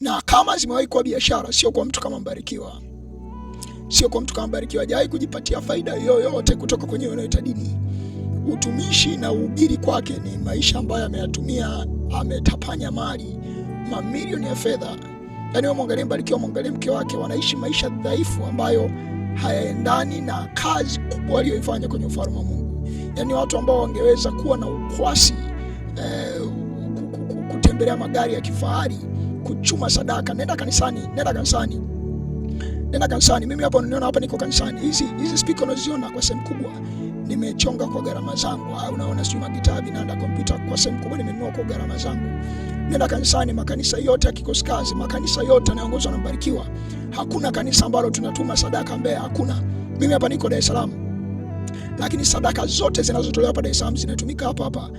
na kama zimewahi kuwa biashara, sio kwa mtu kama Mbarikiwa, sio kwa mtu kama Mbarikiwa. Hajawahi kujipatia faida yoyote kutoka kwenye wanaoita dini. Utumishi na uhubiri kwake ni maisha ambayo ameyatumia, ametapanya mali mamilioni ya fedha. Yani wamwangalie Mbarikiwa, mwangalie mke wake, wanaishi maisha dhaifu ambayo hayaendani na kazi kubwa aliyoifanya kwenye ufalme wa Mungu. Yani watu ambao wangeweza kuwa na ukwasi eh, kutembelea magari ya kifahari kuchuma sadaka. Nenda kanisani, nenda kanisani, nenda kanisani. Mimi hapa unaniona hapa, niko kanisani. Hizi hizi spika unaziona kwa sehemu kubwa nimechonga kwa gharama zangu. Au ah, unaona, sio magitaa vinaanda kompyuta, kwa sehemu kubwa nimenunua kwa gharama zangu. Nenda kanisani, makanisa yote ya Kikosi Kazi, makanisa yote yanayoongozwa na Mbarikiwa, hakuna kanisa ambalo tunatuma sadaka Mbeya, hakuna. Mimi hapa niko Dar es Salaam, lakini sadaka zote zinazotolewa hapa Dar es Salaam zinatumika hapa hapa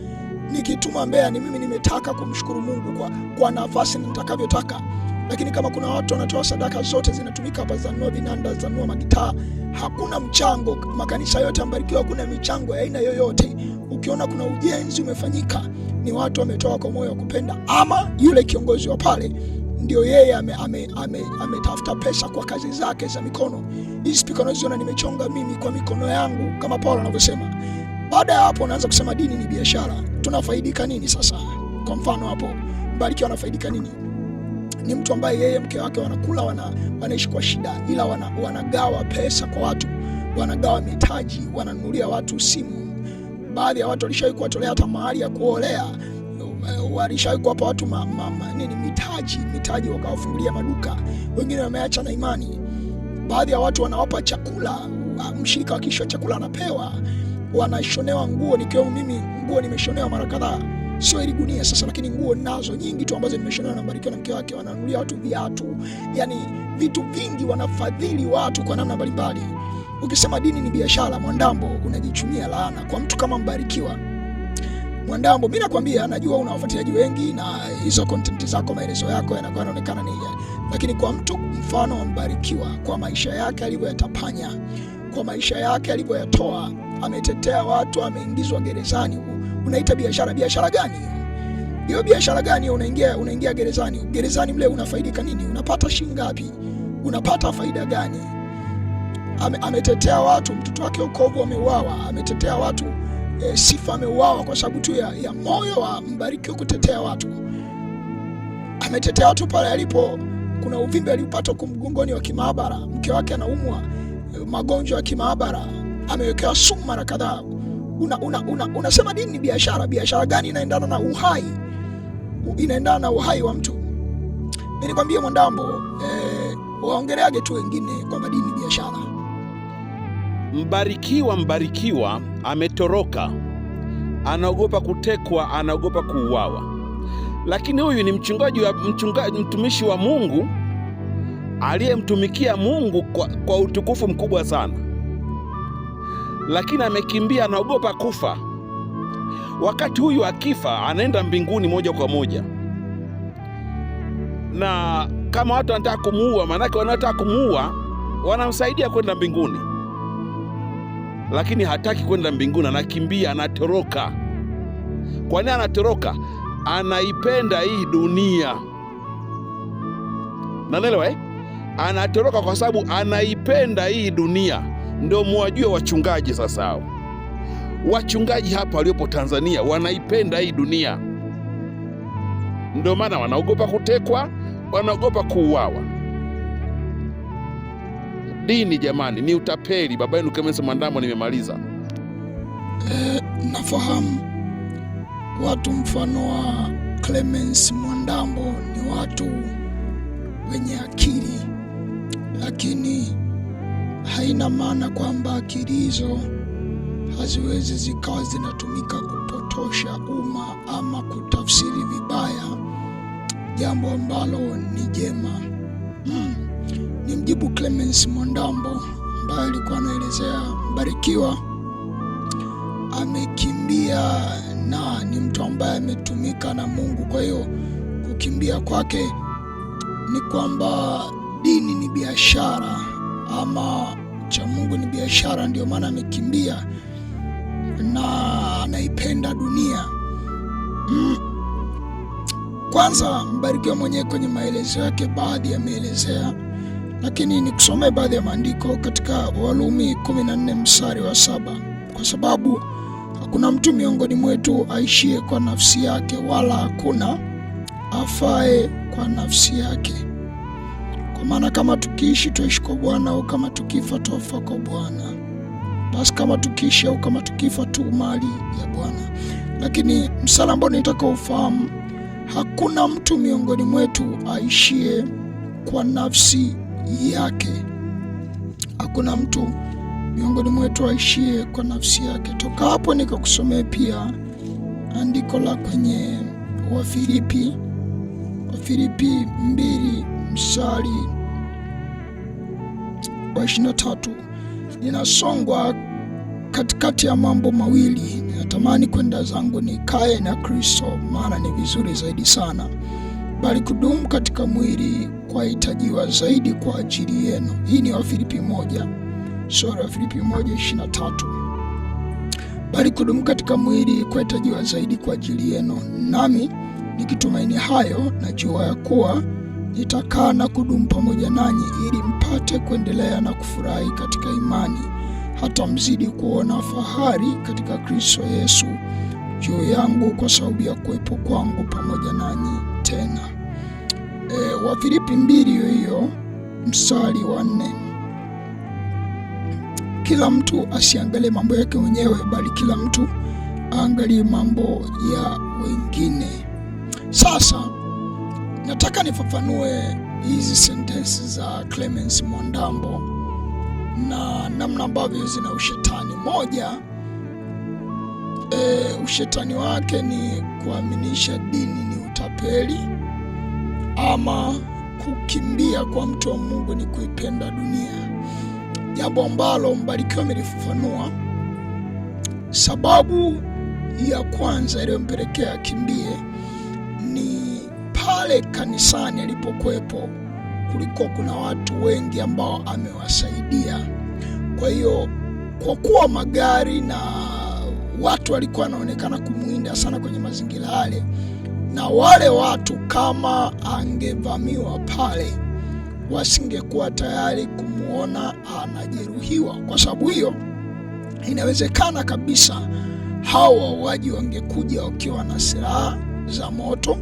nikituma Mbeya ni mimi nimetaka kumshukuru Mungu kwa, kwa nafasi nitakavyotaka, lakini kama kuna watu wanatoa sadaka zote zinatumika hapa, zanua vinanda, zanua magitaa, hakuna mchango. Makanisa yote amebarikiwa, hakuna michango ya aina yoyote. Ukiona kuna ujenzi umefanyika, ni watu wametoa kwa moyo wa kupenda, ama yule kiongozi wa pale ndio yeye ametafuta ame, ame, ame pesa kwa kazi zake za mikono. Hii spika unaziona nimechonga mimi kwa mikono yangu, kama Paulo anavyosema. Baada ya hapo, unaanza kusema dini ni biashara tunafaidika nini sasa? Kwa mfano hapo Mbarikiwa anafaidika nini? Ni mtu ambaye yeye mke wake wanakula wana, wanaishi kwa shida, ila wana, wanagawa pesa kwa watu, wanagawa mitaji, wananunulia watu simu. Baadhi ya watu walishawahi kuwatolea hata mahali ya kuolea, walishawahi kuwapa watu ma, ma, ma, nini mitaji, mitaji wakawafungulia maduka. Wengine wameacha na imani. Baadhi ya watu wanawapa chakula, mshirika wa kishwa chakula anapewa wanashonewa nguo, nikiwemo mimi. Nguo nimeshonewa mara kadhaa, sio ili gunia sasa, lakini nguo ninazo nyingi tu ambazo nimeshonewa na Mbarikiwa na mke wake. Wananunulia watu viatu, yani vitu vingi, wanafadhili watu kwa namna mbalimbali. Ukisema dini ni biashara, Mwandambo, unajichumia laana kwa mtu kama Mbarikiwa. Mwandambo, mimi nakwambia, najua una wafuatiliaji wengi na hizo content zako, maelezo yako yanakuwa yanaonekana ni, ya. lakini kwa mtu mfano wa Mbarikiwa, kwa maisha yake alivyoyatapanya, kwa maisha yake alivyoyatoa ametetea watu, ameingizwa gerezani. Unaita biashara? Biashara gani hiyo? Biashara gani? Unaingia unaingia gerezani, gerezani mle unafaidika nini? Unapata shilingi ngapi? Unapata faida gani? Ame, ametetea watu, mtoto wake ukovu ameuawa, ametetea watu e, Sifa ameuawa kwa sababu tu ya, ya moyo wa Mbarikiwa kutetea watu. Ametetea watu pale alipo kuna uvimbe aliupata kumgongoni wa kimaabara, mke wake anaumwa eh, magonjwa ya kimaabara amewekewa sumu mara kadhaa. Unasema una, una, una dini ni biashara. Biashara gani inaendana na uhai, inaendana na uhai wa mtu? Nikwambie Mwandambo eh, waongeleage tu wengine kwamba dini biashara. Mbarikiwa Mbarikiwa ametoroka, anaogopa kutekwa, anaogopa kuuawa, lakini huyu ni mchungaji wa mchunga, mtumishi wa Mungu aliyemtumikia Mungu kwa, kwa utukufu mkubwa sana lakini amekimbia, anaogopa kufa. Wakati huyu akifa, anaenda mbinguni moja kwa moja, na kama watu wanataka kumuua, maanake wanaotaka kumuua wanamsaidia kwenda mbinguni, lakini hataki kwenda mbinguni, anakimbia, anatoroka. Kwa nini anatoroka? Anaipenda hii dunia, nanelewa eh? Anatoroka kwa sababu anaipenda hii dunia ndo muwajue wachungaji sasa Wachungaji hapa waliopo Tanzania wanaipenda hii dunia, ndio maana wanaogopa kutekwa, wanaogopa kuuawa. Dini jamani, ni utapeli. Baba yenu Clemence Mwandambo, nimemaliza. Eh, nafahamu watu mfano wa Clemence Mwandambo ni watu wenye akili lakini haina maana kwamba akili hizo haziwezi zikawa zinatumika kupotosha umma ama kutafsiri vibaya jambo ambalo ni jema. Hmm. ni mjibu Clemens Mwandambo ambaye alikuwa anaelezea Mbarikiwa amekimbia na ni mtu ambaye ametumika na Mungu. Kwa hiyo kukimbia kwake ni kwamba dini ni biashara ama cha Mungu ni biashara, ndio maana amekimbia na anaipenda dunia mm. Kwanza Mbarikiwa mwenyewe kwenye maelezo yake baadhi yameelezea, lakini nikusomee baadhi ya maandiko katika Walumi 14 mstari wa saba kwa sababu hakuna mtu miongoni mwetu aishie kwa nafsi yake, wala hakuna afae kwa nafsi yake kwa maana kama tukiishi twaishi kwa Bwana, au kama tukifa twafa kwa Bwana. Basi kama tukiishi au kama tukifa tu mali ya Bwana. Lakini msala ambao nitaka ufahamu, hakuna mtu miongoni mwetu aishie kwa nafsi yake. Hakuna mtu miongoni mwetu aishie kwa nafsi yake. Toka hapo nikakusomea pia andiko la kwenye Wafilipi, Wafilipi mbili mstari wa 23, ninasongwa katikati ya mambo mawili. Ninatamani kwenda zangu nikae na Kristo, maana ni vizuri zaidi sana, bali kudumu katika mwili kwahitajiwa zaidi kwa ajili yenu. Hii ni Wafilipi moja sura ya Filipi moja ishirini na tatu. Bali kudumu katika mwili kwahitajiwa zaidi kwa ajili yenu, nami nikitumaini hayo najua ya kuwa nitakaa na kudumu pamoja nanyi, ili mpate kuendelea na kufurahi katika imani, hata mzidi kuona fahari katika Kristo Yesu juu yangu, kwa sababu ya kuwepo kwangu pamoja nanyi tena. E, Wafilipi mbili hiyo hiyo mstari wa nne. Kila mtu asiangalie mambo yake mwenyewe, bali kila mtu aangalie mambo ya wengine. Sasa Nataka nifafanue hizi sentensi za Clemence Mwandambo na namna ambavyo zina ushetani. Moja, e, ushetani wake ni kuaminisha dini ni utapeli ama kukimbia kwa mtu wa Mungu ni kuipenda dunia, jambo ambalo Mbarikiwa amelifafanua. Sababu ya kwanza iliyompelekea akimbie pale kanisani alipokuwepo kulikuwa kuna watu wengi ambao amewasaidia. Kwa hiyo kwa kuwa magari na watu walikuwa wanaonekana kumwinda sana kwenye mazingira yale, na wale watu kama angevamiwa pale wasingekuwa tayari kumwona anajeruhiwa. Kwa sababu hiyo, inawezekana kabisa hao wauaji wangekuja wakiwa na silaha za moto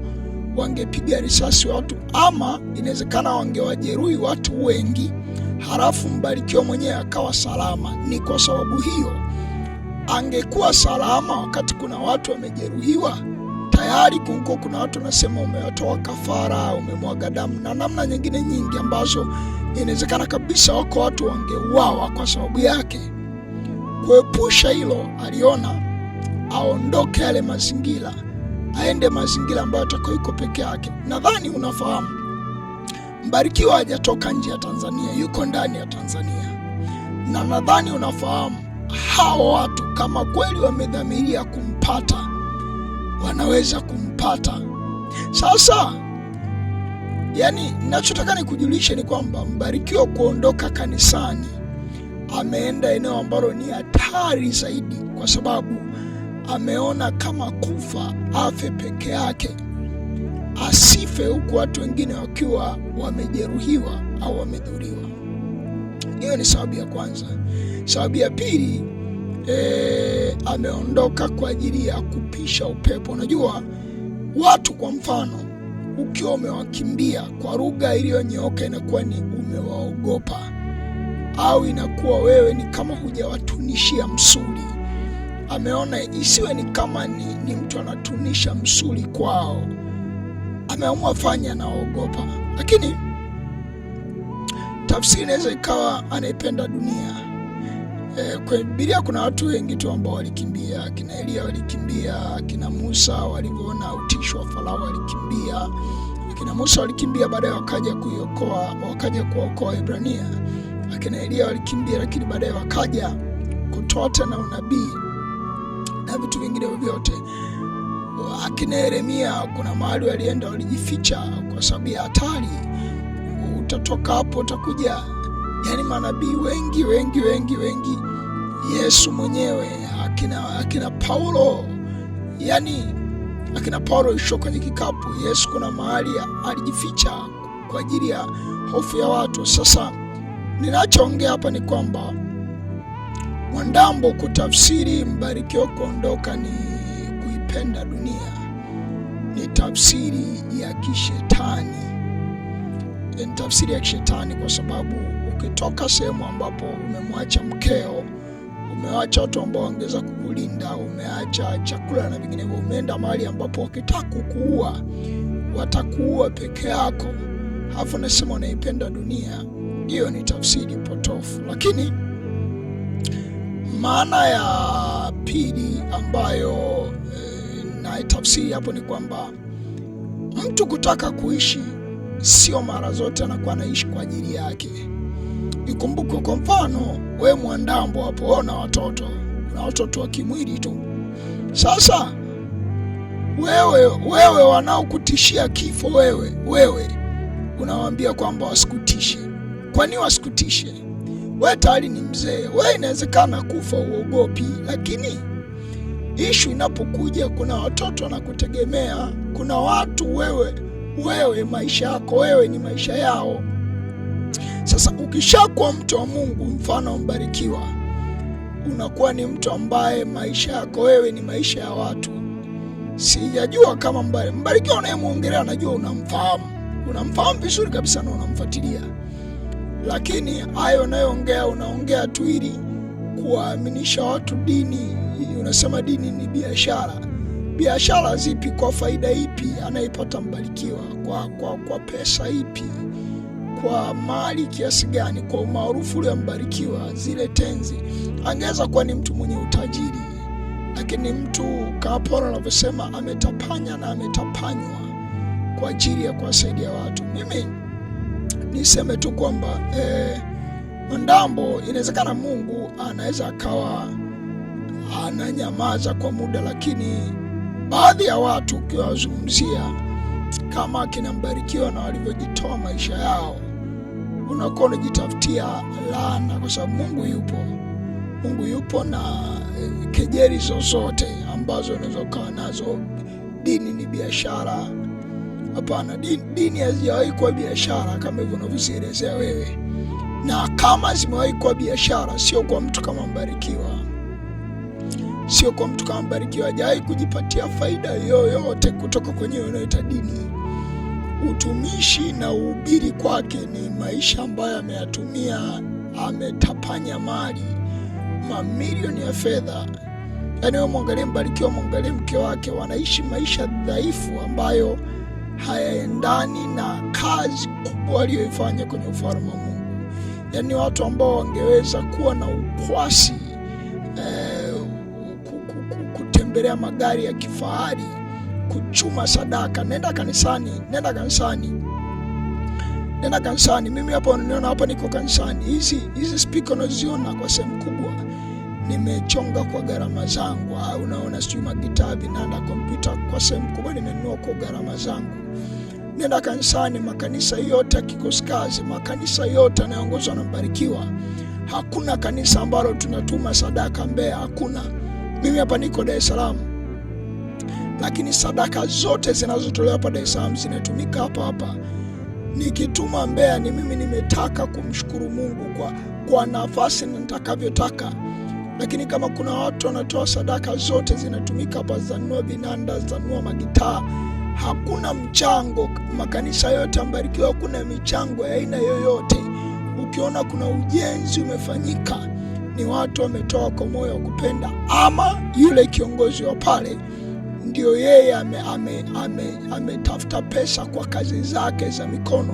wangepiga risasi watu, ama inawezekana wangewajeruhi watu wengi, halafu Mbarikiwa mwenyewe akawa salama. Ni kwa sababu hiyo angekuwa salama wakati kuna watu wamejeruhiwa tayari kuko kuna watu wanasema umewatoa kafara, umemwaga damu na namna nyingine nyingi ambazo inawezekana kabisa wako watu wangeuawa kwa sababu yake. Kuepusha hilo, aliona aondoke yale mazingira aende mazingira ambayo atakuwa yuko peke yake. Nadhani unafahamu Mbarikiwa hajatoka nje ya Tanzania, yuko ndani ya Tanzania, na nadhani unafahamu hao watu kama kweli wamedhamiria kumpata, wanaweza kumpata. Sasa yani, ninachotaka nikujulishe ni kwamba Mbarikiwa kuondoka kanisani, ameenda eneo ambalo ni hatari zaidi, kwa sababu ameona kama kufa afe peke yake, asife huku watu wengine wakiwa wamejeruhiwa au wamedhuriwa. Hiyo ni sababu ya kwanza. Sababu ya pili, e, ameondoka kwa ajili ya kupisha upepo. Unajua watu kwa mfano, ukiwa umewakimbia kwa lugha iliyonyooka inakuwa ni umewaogopa, au inakuwa wewe ni kama hujawatunishia msuli ameona isiwe ni kama ni, ni mtu anatunisha msuli kwao, ameamua fanya anaogopa, lakini tafsiri inaweza ikawa anaipenda dunia. E, kwa Biblia kuna watu wengi tu ambao walikimbia, kina Elia walikimbia, kina Musa walivyoona utisho wa Farao walikimbia, akina Musa walikimbia, baadaye wakaja kuiokoa, wakaja kuokoa Ibrania. Akina Elia walikimbia, lakini baadaye wakaja kutoa tena unabii na vitu vingine vyote. Akina Yeremia kuna mahali walienda, walijificha kwa sababu ya hatari. Utatoka hapo utakuja. Yani manabii wengi wengi wengi wengi, Yesu mwenyewe, akina akina Paulo, yani akina Paulo alishuka kwenye kikapu. Yesu kuna mahali alijificha kwa ajili ya hofu ya watu. Sasa ninachoongea hapa ni kwamba Mwandambo kutafsiri mbarikiwa kuondoka ni kuipenda dunia, ni tafsiri ya kishetani, ni tafsiri ya kishetani kwa sababu ukitoka sehemu ambapo umemwacha mkeo, umewacha watu ambao wangeweza kukulinda, umeacha chakula na vinginevyo, umeenda mahali ambapo wakitaka kukuua watakuua peke yako, halafu nasema unaipenda dunia, hiyo ni tafsiri potofu, lakini maana ya pili ambayo e, eh, na tafsiri hapo ni kwamba mtu kutaka kuishi sio mara zote anakuwa anaishi kwa ajili yake. Ikumbuke kwa mfano, we Mwandambo hapo na watoto na watoto wa kimwili tu. Sasa wewe wewe, wanaokutishia kifo wewe wewe unawaambia kwamba wasikutishe. Kwani wasikutishe? we tayari ni mzee, we inawezekana kufa uogopi, lakini ishu inapokuja, kuna watoto wanakutegemea, kuna watu wewe, wewe maisha yako wewe ni maisha yao. Sasa ukishakuwa mtu wa Mungu, mfano mbarikiwa, unakuwa ni mtu ambaye maisha yako wewe ni maisha ya watu. Sijajua kama mbarikiwa unayemwongelea, najua unamfahamu, unamfahamu vizuri kabisa na unamfuatilia lakini hayo unayoongea unaongea tu ili kuwaaminisha watu dini. Unasema dini ni biashara. Biashara zipi? Kwa faida ipi? Anayepata mbarikiwa kwa, kwa, kwa pesa ipi? Kwa mali kiasi gani? Kwa umaarufu ule mbarikiwa, zile tenzi. Angeweza kuwa ni mtu mwenye utajiri, lakini mtu kapora anavyosema ametapanya na ametapanywa kwa ajili ya kuwasaidia watu mimi niseme tu kwamba eh, Ndambo inawezekana Mungu anaweza akawa ananyamaza kwa muda, lakini baadhi ya watu ukiwazungumzia kama akina Mbarikiwa na walivyojitoa maisha yao, unakuwa unajitafutia laana, kwa sababu Mungu yupo. Mungu yupo na eh, kejeli zozote ambazo unaweza ukawa nazo. Dini ni biashara. Hapana, dini, dini hazijawahi kuwa biashara kama hivyo unavyozielezea wewe, na kama zimewahi kuwa biashara, sio kwa mtu kama Mbarikiwa, sio kwa mtu kama Mbarikiwa. Hajawahi kujipatia faida yoyote kutoka kwenye unaoita dini. Utumishi na uhubiri kwake ni maisha ambayo ameyatumia, ametapanya mali, mamilioni ya fedha. Yaani, mwangalie Mbarikiwa, mwangalie mke wake, wanaishi maisha dhaifu ambayo hayaendani na kazi kubwa aliyoifanya kwenye ufalme wa Mungu. Yaani watu ambao wangeweza kuwa na ukwasi eh, kutembelea magari ya kifahari, kuchuma sadaka. Nenda kanisani, nenda kanisani, nenda kanisani. Mimi hapa unaniona hapa, niko kanisani. Hizi hizi spika unaziona kwa sehemu kubwa nimechonga kwa gharama zangu. Ah, unaona, sijui magitaa, vinanda, kompyuta kwa sehemu kubwa nimenunua kwa gharama zangu. Nenda kanisani, makanisa yote ya Kikosi Kazi, makanisa yote yanayoongozwa na Mbarikiwa, hakuna kanisa ambalo tunatuma sadaka Mbeya, hakuna. Mimi hapa niko Dar es Salaam, lakini sadaka zote zinazotolewa hapa Dar es Salaam zinatumika hapa hapa nikituma Mbeya. Ni mimi nimetaka kumshukuru Mungu kwa, kwa nafasi nitakavyotaka lakini kama kuna watu wanatoa sadaka zote zinatumika hapa, zanua vinanda, zanua magitaa, hakuna mchango. Makanisa yote ambarikiwa, kuna michango ya aina yoyote. Ukiona kuna ujenzi umefanyika, ni watu wametoa kwa moyo wa kupenda, ama yule kiongozi wa pale ndio yeye ametafuta ame, ame, ame pesa kwa kazi zake za mikono.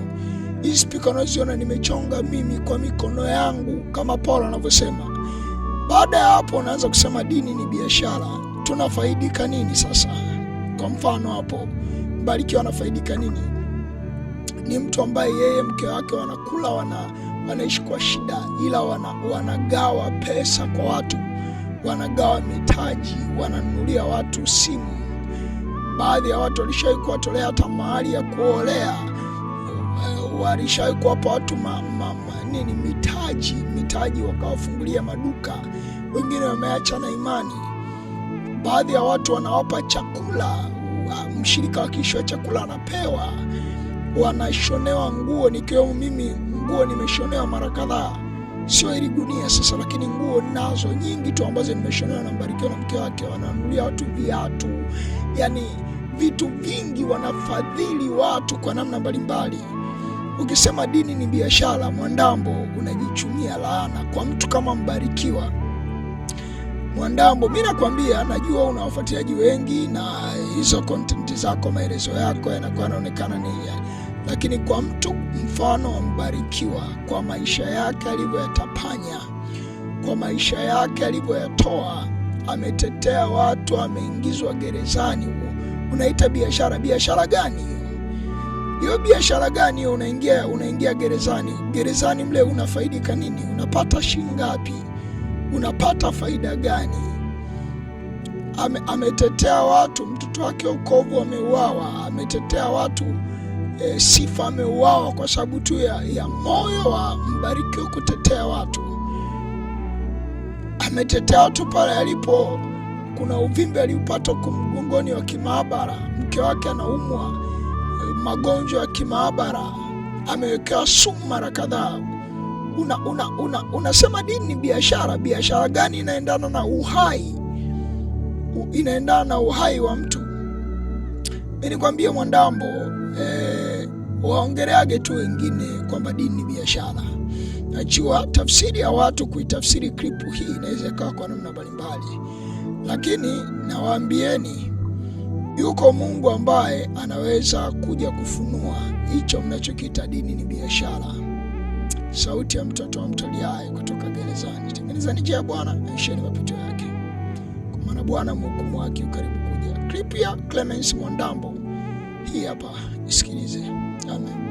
Hizi picha unaziona nimechonga mimi kwa mikono yangu, kama Paulo anavyosema baada ya hapo, unaanza kusema dini ni biashara. Tunafaidika nini sasa? Kwa mfano hapo, Mbarikiwa anafaidika nini? Ni mtu ambaye yeye mke wake wanakula wana, wanaishi kwa shida, ila wana, wanagawa pesa kwa watu, wanagawa mitaji, wananunulia watu simu. Baadhi ya watu walishawahi kuwatolea hata mahali ya kuolea, walishawahi kuwapa watu ma, ma, ma, nini mitaji mitaji, wakawafungulia maduka wengine wameacha na imani. Baadhi ya watu wanawapa chakula, ah, mshirika wa kishwa chakula anapewa, wanashonewa nguo, nikiwemo mimi, nguo nimeshonewa mara kadhaa, sio ili gunia sasa, lakini nguo nazo nyingi tu ambazo nimeshonewa na Mbarikiwa na mke wake. Wananunulia watu viatu, yani vitu vingi, wanafadhili watu kwa namna mbalimbali. Ukisema dini ni biashara, Mwandambo, unajichumia laana kwa mtu kama Mbarikiwa. Mwandambo, mi nakwambia, najua una wafuatiliaji wengi na hizo content zako, maelezo yako yanakuwa yanaonekana ni, lakini kwa mtu mfano ambarikiwa kwa maisha yake alivyoyatapanya, kwa maisha yake alivyoyatoa, ametetea watu, ameingizwa gerezani, unaita biashara? Biashara gani hiyo? Hiyo biashara gani hiyo? Unaingia unaingia gerezani, gerezani mle unafaidika nini? Unapata shilingi ngapi? unapata faida gani? Ame, ametetea watu, mtoto wake ukovu ameuawa, ametetea watu e, Sifa ameuawa kwa sababu tu ya, ya moyo wa Mbarikiwa kutetea watu. Ametetea watu pale alipo kuna uvimbe aliupata mgongoni wa kimaabara, mke wake anaumwa eh, magonjwa ya kimaabara, amewekewa sumu mara kadhaa unasema una, una, unasema dini ni biashara. Biashara gani inaendana na uhai, inaendana na uhai wa mtu? Mi nikwambie Mwandambo eh, waongereage tu wengine kwamba dini ni biashara. Najua tafsiri ya watu kuitafsiri klipu hii inaweza ikawa kwa namna mbalimbali, lakini nawaambieni yuko Mungu ambaye anaweza kuja kufunua hicho mnachokiita dini ni biashara sauti ya mtoto wa mtaliaye kutoka gerezani, Tengeneza njia ya Bwana, aisheni mapito yake, kwa maana Bwana mhukumu wake ukaribu kuja. Klipu ya Clemens Mwandambo hii hapa, isikilize. Amen.